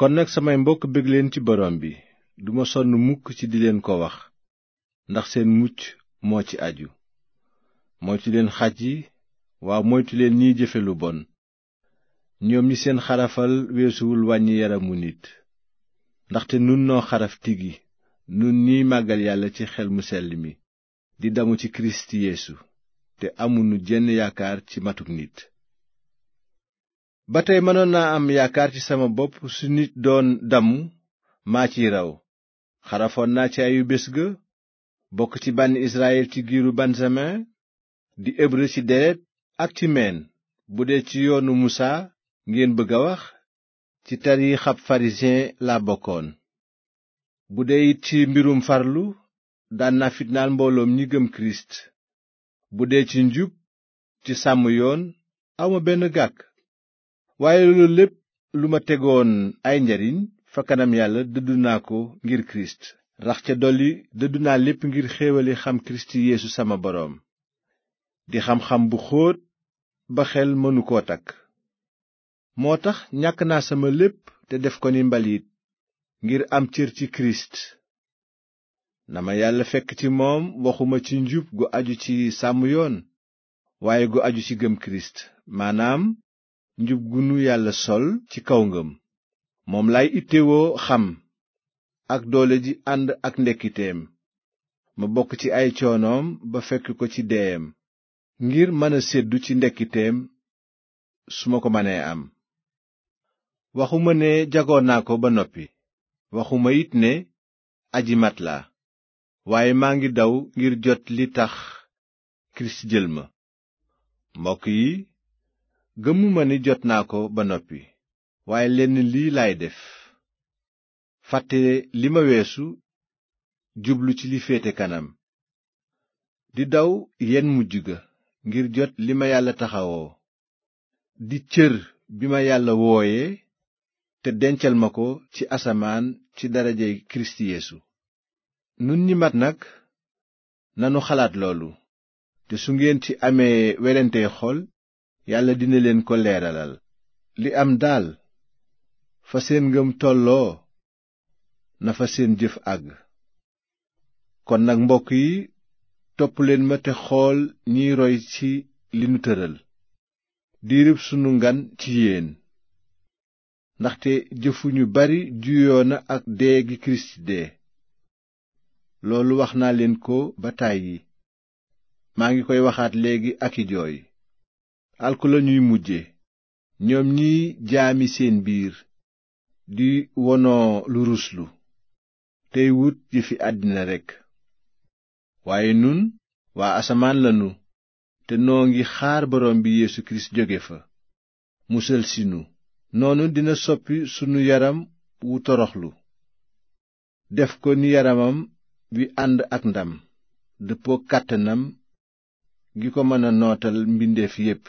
kon nag samay mbokk bég leen ci borom bi duma sonn mukk ci di leen ko wax ndax seen mucc moo ci aju moytu leen xaj yi waaw moytu leen ñiy jëfe lu bon ñoom ñi seen xarafal weesuwul wàññi yaramu nit ndaxte nun noo xaraf tigi nun ñiy màggal yàlla ci xel mu sell mi di damu ci kirist yeesu te amunu jenn yaakaar ci matuk nit ba tey mënoon naa am yaakaar ci sama bopp su nit doon damm maa ciy raw xarafoon naa ci ayu bés ga bokk ci bànni Israyil ci giiru Benjamin di hébreu ci deret ak ci meen bu dee ci yoonu Musaa ngeen bëgg a wax ci tarixab pharisien laa bokkoon bu dee it ci mbirum farlu daan naa fitnaal mbooloom ñi gëm Kirist bu dee ci njub ci sàmm yoon awma benn gàkk waaye loolu lépp lu ma tegoon ay njariñ fa kanam yàlla dëddu naa ko ngir kirist rax ca dolli dëddu naa lépp ngir xéewali xam kirist yeesu sama boroom di xam-xam bu xóot ba xel mënu koo takk moo tax ñàkk naa sama lépp te def ko ni mbalit ngir am cër ci kirist na ma yàlla fekk ci moom waxuma ci njub gu aju ci sàmm yoon waaye gu aju ci gëm kirist maanaam njub gu nu yàlla sol ci kaw ngëm moom lay ittewoo xam ak doole ji ànd ak ndekkiteem ma bokk ci ay coonoom ba fekk ko ci deeyam ngir mëna a ci ndekkiteem su ma ko mënee am waxuma ne jagoon naa ko ba noppi waxuma it ne aji mat waaye maa ngi daw ngir jot li tax kirist jël ma gëmmuma ni jot naa ko ba noppi waaye lenn lii laay def fàtte li ma weesu jublu ci li kanam di daw yenn mujj ga ngir jot li ma yàlla taxawoo di cër bi ma yàlla wooyee te dencal ma ko ci asamaan ci darajay kirist yeesu nun ñi mat nag nanu xalaat loolu te su ngeen ci amee werante xol yàlla dina leen ko leeralal li am daal fa seen ngëm tolloo na fa seen jëf àgg kon nag mbokk yi topp leen ma te xool ñiy roy ci li nu tëral diirib sunu ngan ci yéen ndaxte jëfu ñu bari juyoo na ak dee gi kirist dee loolu wax naa leen ko ba tàyyi maa ngi koy waxaat léegi ak i jooy alku ñuy mujje ñoom ñiy jaami seen biir di wonoo lu ruslu tey wut yëfi àddina rekk waaye nun waa asamaan lanu te noo ngi xaar borom bi Yeesu Kirist jóge fa musal si nu noonu dina soppi sunu yaram wu toroxlu def ko ni yaramam wi ànd ak ndam dëppoo kàttanam gi ko mën a nootal mbindeef yépp